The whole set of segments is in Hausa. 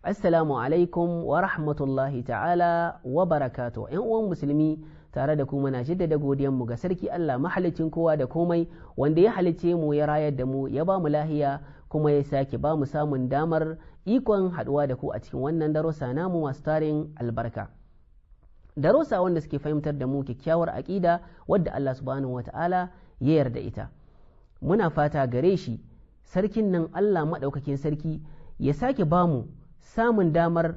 Assalamu alaikum wa rahmatullahi ta'ala wa barakatu ‘yan uwan musulmi tare da kuma na jaddada mu ga sarki Allah mahalicin kowa da komai wanda ya halice mu ya rayar da mu ya ba mu lahiya kuma ya sake ba mu samun damar ikon haɗuwa da ku a cikin wannan darusa namu masu tarin albarka. darusa wanda suke fahimtar da mu kyakkyawar aƙida wadda Allah subhanahu ta'ala ya yarda ita. Muna fata gare shi sarkin nan Allah maɗaukakin sarki ya sake bamu samun damar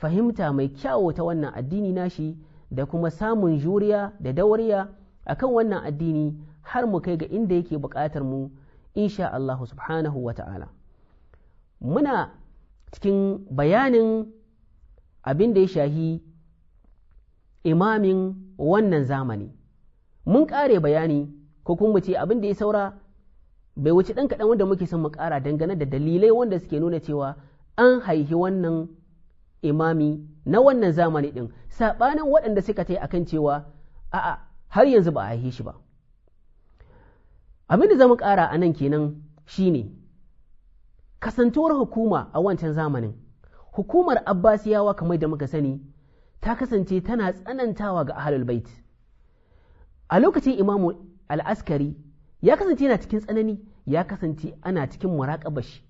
fahimta mai kyawo ta wannan addini nashi da kuma samun juriya da dauriya akan wannan addini har mu kai ga inda yake buƙatar mu insha Allah subhanahu wa ta'ala muna cikin bayanin abin da ya shahi imamin wannan zamani mun ƙare bayani ko kuma ce abin da ya saura bai wuce ɗan kaɗan wanda muke son mu ƙara dangane da dalilai wanda suke nuna cewa an haihi wannan imami na wannan zamani ɗin saɓanin waɗanda suka ta yi kan cewa a'a har yanzu ba a haihe shi ba abin da zama ƙara a nan kenan ne kasantuwar hukuma a wancan zamanin hukumar abbasiyawa kamar da muka sani ta kasance tana tsanantawa ga ahalul bait a lokacin imamu al'askari ya kasance yana cikin tsanani ya kasance ana cikin murakabashi.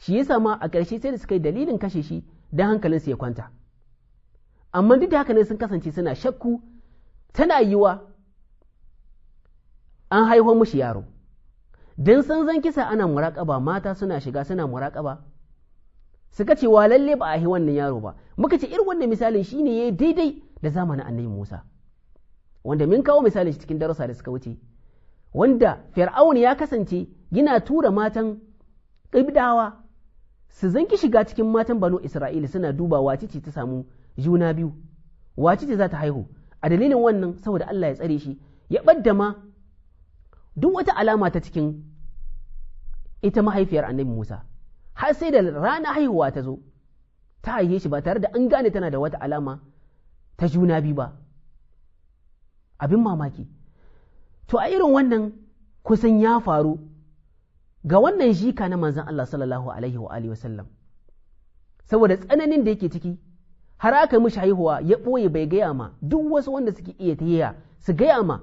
shi yasa ma a ƙarshe sai da suka yi dalilin kashe shi don hankalinsu ya kwanta amma duk da haka ne sun kasance suna shakku tana yiwa an haihuwa mushi yaro don san zan kisa ana muraƙaba mata suna shiga suna muraƙaba suka ce wa lalle ba a yi wannan yaro ba muka ce irin wannan misalin shine yi daidai da zamanin annabi Musa wanda min kawo misalin cikin darussa da suka wuce wanda Fir'aun ya kasance yana tura matan ƙibdawa su zanki shiga cikin matan banu isra'ila suna duba wace ce ta samu juna biyu wace ce za ta haihu a dalilin wannan saboda Allah ya tsare shi ya ɓaddama ma duk wata alama ta cikin ita mahaifiyar annabi Musa har sai da rana haihuwa ta zo ta haife shi ba tare da an gane tana da wata alama ta juna biyu ba abin mamaki to a irin wannan kusan ya faru ga wannan jika na manzan Allah sallallahu alaihi wa alihi wasallam saboda tsananin da yake ciki har aka mishi haihuwa ya ɓoye bai gaya ma duk wasu wanda suke iya yaya su gaya ma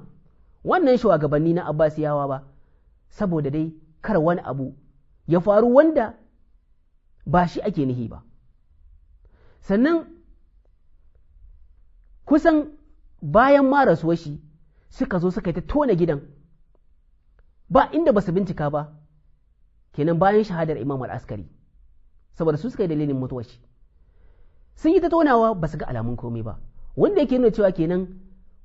wannan shugabanni na Abbasiyawa ba saboda dai kar wani abu ya faru wanda ba shi ake nihi ba sannan kusan bayan mara suwashi shi suka zo suka yi ta tona gidan ba inda ba su bincika ba kenan bayan shahadar imam al-askari saboda su suka yi dalilin mutuwar shi sun yi ta tonawa ba su ga alamun komai ba wanda yake nuna cewa kenan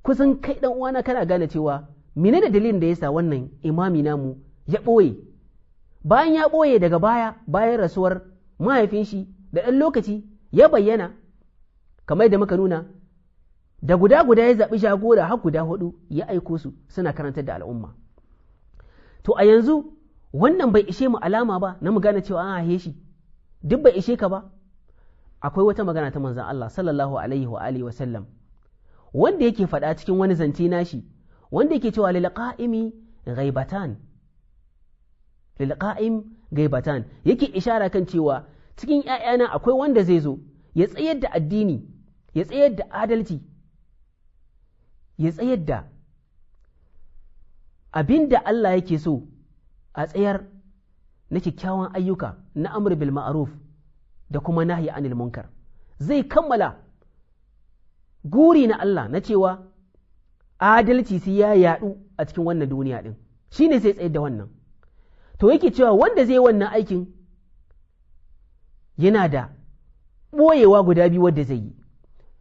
kusan kai dan uwana kana gane cewa mine da dalilin da yasa wannan imami namu ya ɓoye bayan ya ɓoye daga baya bayan rasuwar mahaifin shi da ɗan lokaci ya bayyana kamar da muka nuna da guda guda ya zaɓi jagora har guda hudu ya aiko su suna karantar da al'umma to a yanzu wannan bai ishe mu alama ba na mu gane cewa an haihe shi duk bai ishe ka ba akwai wata magana ta manzan Allah sallallahu alaihi wa alihi wa sallam wanda yake faɗa cikin wani zance nashi wanda yake cewa lil qa'imi ghaibatan lil qa'im ghaibatan yake ishara kan cewa cikin ƴaƴana akwai wanda zai zo ya tsayar da addini ya tsayar da adalci ya tsayar da abin da Allah yake so a tsayar na kyakkyawan ayyuka na amr bil ma'ruf da kuma nahi anil munkar zai kammala guri na Allah na cewa adalci sai ya yadu a cikin wannan duniya din shine zai tsayar da wannan to yake cewa wanda zai wannan aikin yana da ɓoyewa guda biyu wadda zai yi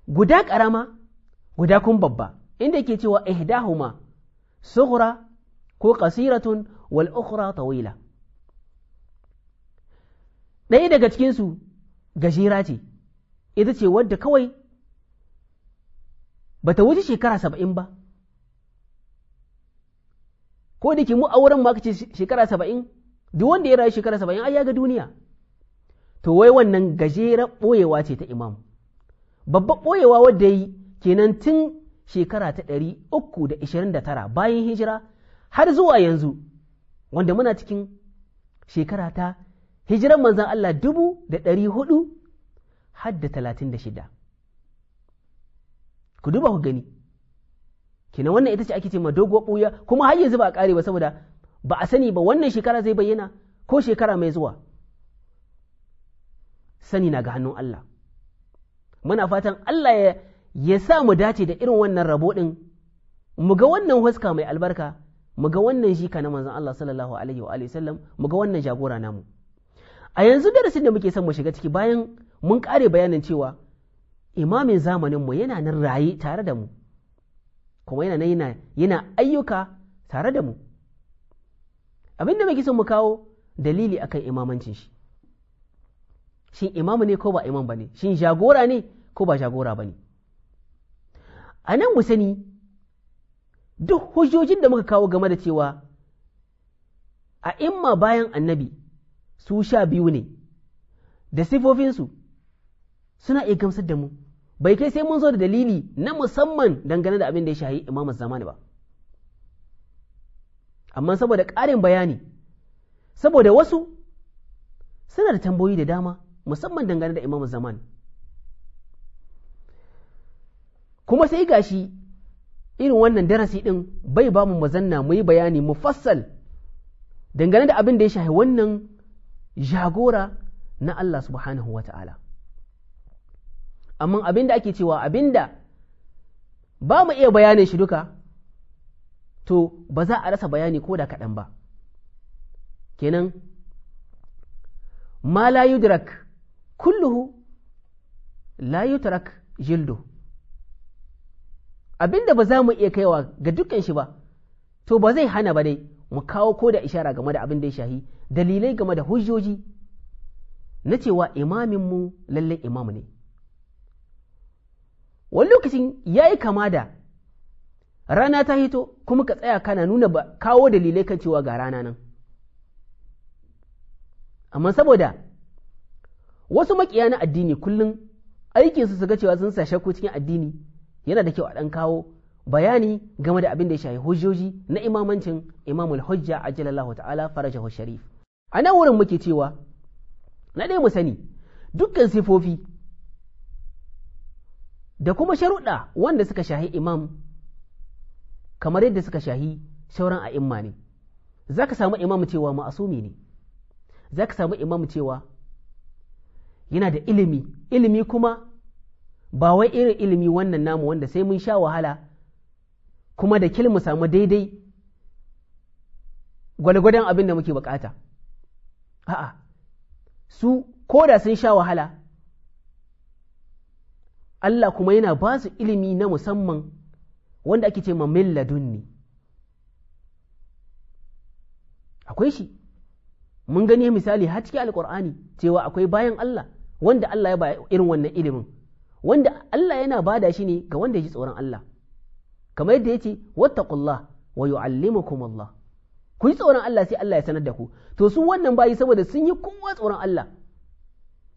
guda karama guda kun babba inda yake cewa ihdahuma sughra ko qasiratun wal ukhra tawila ɗaya daga cikinsu gajera ce ita ce wadda kawai ba ta wuce shekara saba'in ba ko da ke mu a ma ce shekara saba'in duk wanda ya rayu shekara saba'in ai ya ga duniya to wai wannan gajerar ɓoyewa ce ta imam babban ɓoyewa wadda yi kenan tun shekara ta ɗari uku da ishirin da tara bayan hijira har zuwa yanzu wanda muna cikin shekara ta hijiran manzan Allah dubu da ɗari hudu har da talatin da shida ku duba ku gani kenan wannan ita ce ake ce ma dogo ɓuya kuma har yanzu ba a ƙare ba saboda ba a sani ba wannan shekara zai bayyana ko shekara mai zuwa sani na ga hannun Allah muna fatan Allah ya sa mu dace da irin wannan rabo ɗin mu ga wannan huska mai albarka mu ga wannan shi kana manzon Allah sallallahu alaihi wa sallam mu ga wannan jagora namu a yanzu darasin da muke son mu shiga ciki bayan mun kare bayanin cewa imamin zamanin mu yana nan raye tare da mu kuma yana yana yana ayyuka tare da mu abin da muke son mu kawo dalili akan imamancin shi shin imamu ne ko ba imam bane shin jagora ne ko ba jagora bane a nan mu sani duk hujjojin da muka kawo game da cewa a imma bayan annabi su sha biyu ne da sifofinsu suna iya gamsar da mu bai kai sai mun zo da dalili na musamman dangane da abin da ya shahi imamu zamani ba amma saboda ƙarin bayani saboda wasu suna da tambayoyi da dama musamman dangane da imamu zamani kuma sai gashi irin wannan darasi ɗin bai ba mu mazanna mu yi bayani fassal dangane da abin da ya shahi wannan jagora na Allah subhanahu wa ta'ala. Amma abin da ake cewa abin da ba mu iya bayanin shi duka, to ba za a rasa bayani ko da kaɗan ba. Kenan, ma la yudrak kulluhu la yutrak jildu. abin da ba za mu iya kaiwa ga dukkan shi ba to ba zai hana ba dai mu kawo ko da ishara game da abin da ya shahi dalilai game da hujjoji na cewa imamin mu lallai imam ne wani lokacin ya yi kama da rana ta hito kuma ka tsaya kana nuna ba kawo dalilai kan cewa ga rana nan amma saboda wasu makiya na addini kullum aikinsu su ga cewa sun sa shakku cikin addini yana da kyau a ɗan kawo bayani game da abin da ya shafi hujjoji na imamancin imamul hujja a ajalallahu ta'ala wa sharif a nan wurin muke cewa na ɗaya mu sani dukkan sifofi da kuma sharuɗa wanda suka shahi imam kamar yadda suka shahi a imma ne za ka samu imam cewa ma'asumi ne za ka samu imam cewa yana da ilimi ilimi kuma ba wai irin ilimi wannan namu wanda sai mun sha wahala kuma da kilmu samu daidai gwalgwadon abin da muke bukata a'a su ko da sun sha wahala Allah kuma yana ba su ilimi na musamman wanda ake ce mamin ne. akwai shi mun gani misali har cikin alkur'ani cewa akwai bayan Allah wanda Allah ya ba irin wannan ilimin wanda Allah yana bada shi ne ga wanda ya ji tsoron Allah kamar yadda wata wattaqullah wa yu'allimukum Allah ku yi tsoron Allah sai Allah ya sanar da ku to su wannan bayi saboda sun yi kowa tsoron Allah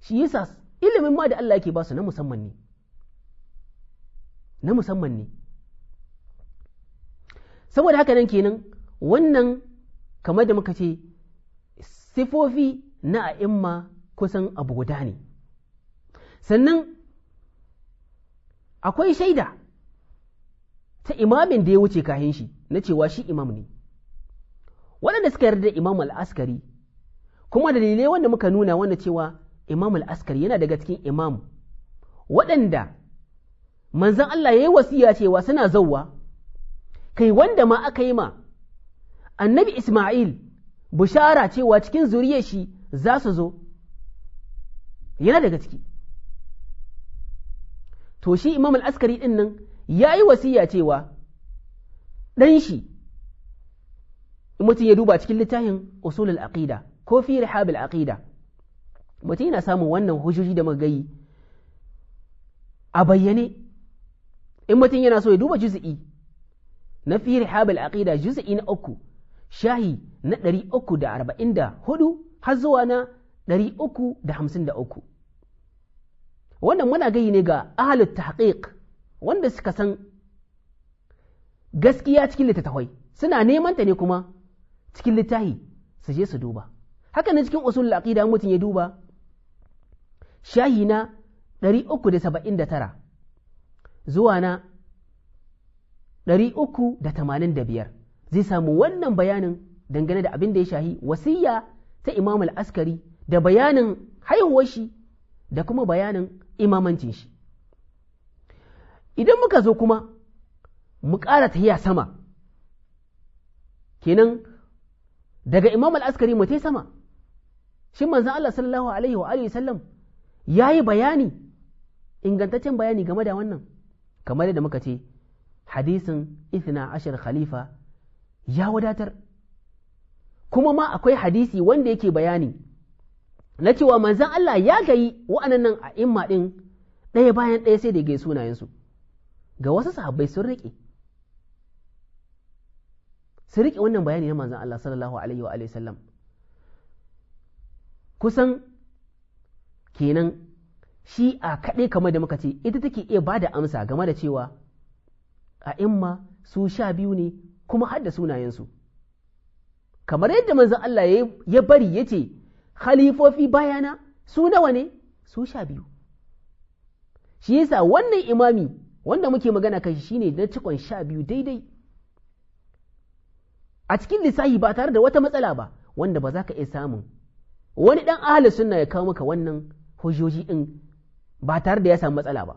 shi yasa ilimin ma da Allah yake ba su na musamman ne na musamman ne saboda haka nan kenan wannan kamar da muka ce sifofi na a'imma kusan abu guda ne sannan akwai shaida ta imamin da ya wuce kahin shi na cewa shi imam ne waɗanda suka yarda da imam al'askari kuma dalilai wanda muka nuna wanda cewa imam al'askari yana daga cikin imam waɗanda manzan Allah ya yi wasiya cewa suna zauwa kai wanda ma aka yi ma annabi Ismail bushara cewa cikin zuriyar shi za su zo yana daga ciki to shi imam al'askari ɗin nan ya yi wasiya cewa ɗan shi mutum ya duba cikin littafin usulul aqida ko fi rihabil alaƙida. mutum yana samun wannan hujjoji da magayi a bayyane in mutum yana so ya duba juz'i na fi rihabil aqida juz'i na uku shahi na ɗari uku da arba'in da hudu har zuwa na ɗari uku da hamsin da uku wannan muna gayi ne ga ahalin tahqiq wanda suka san gaskiya cikin littattafai suna neman ta ne kuma cikin littahi su je su duba haka ne cikin usul aqida mutum ya duba shahi na 379 zuwa na 385 zai samu wannan bayanin dangane da abin da ya shahi wasiya ta imamul askari da bayanin haihuwar shi da kuma bayanin imamancin shi idan muka zo kuma mu ƙara tahiya sama kenan daga imam askari mu ta sama shi manzan Allah sallallahu alaihi wa alihi sallam ya yi bayani ingantaccen bayani game da wannan kamar yadda muka ce hadisin ithna ashir khalifa ya wadatar kuma ma akwai hadisi wanda yake bayani na cewa manzan Allah ya gayi wa'annan a imma ɗin ɗaya bayan ɗaya sai da gai sunayensu ga wasu sahabbai sun riƙe Sun riƙe wannan bayani na manzan Allah sallallahu alaihi wa alaihi sallam kusan kenan shi a kaɗai kamar da muka ce ita take iya ba da amsa game da cewa a imma su sha biyu ne kuma har da sunayensu kamar yadda manzan Allah ya bari ya ce khalifofi bayana su nawa ne su sha biyu shi yasa wannan imami wanda muke magana shi shine na cikon sha biyu daidai a cikin lissahi ba tare da wata matsala ba wanda ba za ka iya samun wani dan ahalin sunna ya kawo maka wannan hujjoji din ba tare da ya samu matsala ba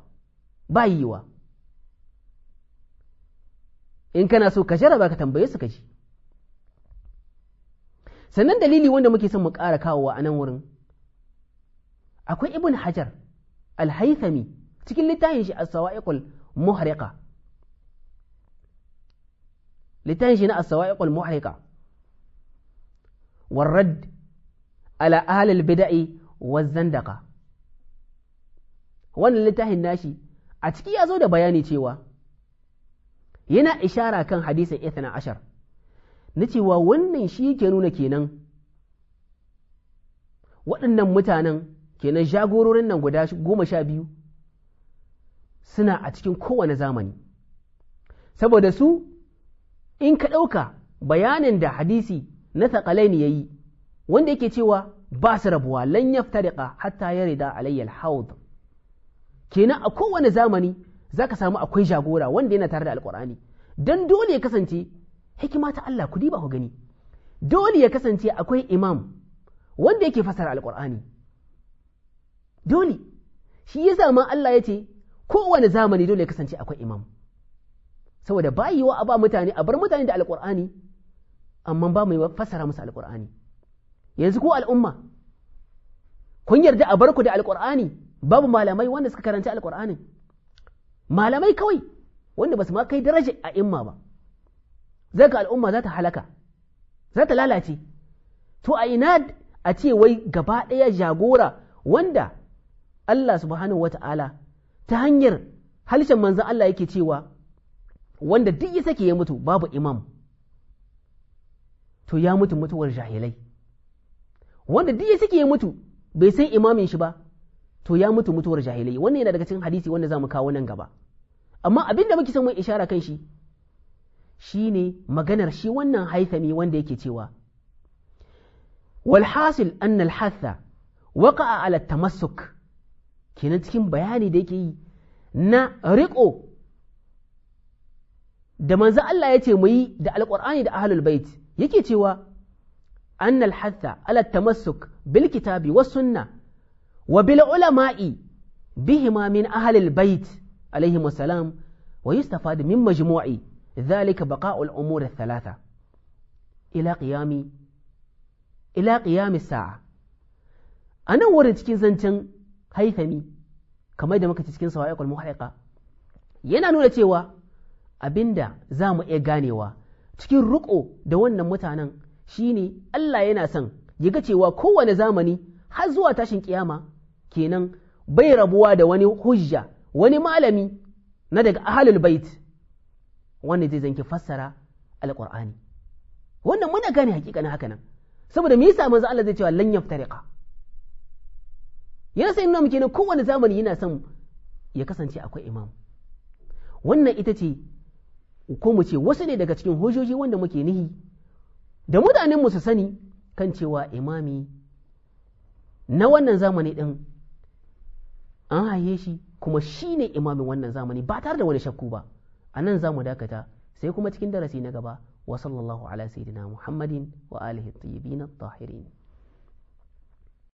ba yiwa in kana so ka jarraba ka tambaye su ka ji sannan dalili wanda muke son mu ƙara kawowa a nan wurin akwai ibn hajar al cikin littafin shi as muhriqa littafin shi na as muhriqa warrad ala ahli bidai waz wannan littafin nashi a ciki ya zo da bayani cewa yana ishara kan hadisin 12 na cewa wannan shi yake nuna kenan waɗannan mutanen kenan jagororin nan guda goma sha biyu suna a cikin kowane zamani saboda su in ka ɗauka bayanin da hadisi na ne ya yi wanda yake cewa ba su rabuwa lan yaftariqa hatta ya rida al kenan a kowane zamani zaka samu akwai jagora wanda yana tare da alqur'ani dan dole ya kasance hikima ta Allah ku diba ku gani dole ya kasance akwai imam wanda yake fasara alkur'ani dole shi yasa ma Allah ya ce kowane zamani dole ya kasance akwai imam saboda ba wa a ba mutane a bar mutane da alkur'ani amma ba mai fasara musu alkur'ani yanzu ko al'umma kun yarda a bar ku da alkur'ani babu malamai wanda suka karanta alkur'anin malamai kawai wanda ba su ma kai daraja a imma ba zai ka al'umma za ta halaka za ta lalace to a ina a ce wai gaba ɗaya jagora wanda Allah subhanahu wata'ala ta hanyar halshen manzan Allah yake cewa wanda duk ya sake ya mutu babu imam to ya mutu mutuwar jahilai wanda duk isa ke ya mutu bai san imamin shi ba to ya mutu mutuwar jahilai wannan yana daga cikin hadisi wanda za mu kawo nan gaba amma abin da muke son mu ishara kan shi shine maganar shi wannan haithami wanda yake cewa walhasil anna alhatha waqa'a a tamassuk kenan cikin bayani da yake yi na riƙo da manzo Allah ya ce mu yi da alƙur'ani da ahlul bait yake cewa Annal alhatha ala tamassuk bil kitabi was sunna wa bil ulama'i bihima min ahlil bait alaihim salam wa yustafad min majmu'i Zalika بقاء الأمور da talata. قيام anan wurin cikin zancen haithami kamar da muka ci cikin sawa'iqul muhriqa yana nuna cewa abinda za mu iya ganewa cikin ruko da wannan mutanen shine Allah yana son ya ga cewa kowane zamani har zuwa tashin ƙiyama kenan bai rabuwa da wani hujja wani malami na daga ahlul bait wanda zai zanki fassara Alƙur'ani. wannan muna gane hakikanin haka nan saboda me yasa manzo Allah zai cewa lan yaftariqa ya sai nuna muke ne kowane zamani yana son ya kasance akwai imam wannan ita ce ko mu ce wasu ne daga cikin hojoji wanda muke nihi da mutanen mu su sani kan cewa imami na wannan zamani din an haye shi kuma shine imamin wannan zamani ba tare da wani shakku ba a nan za mu dakata sai kuma cikin darasi na gaba wa sallallahu ala sayyidina muhammadin wa alihi tayyibin tahirin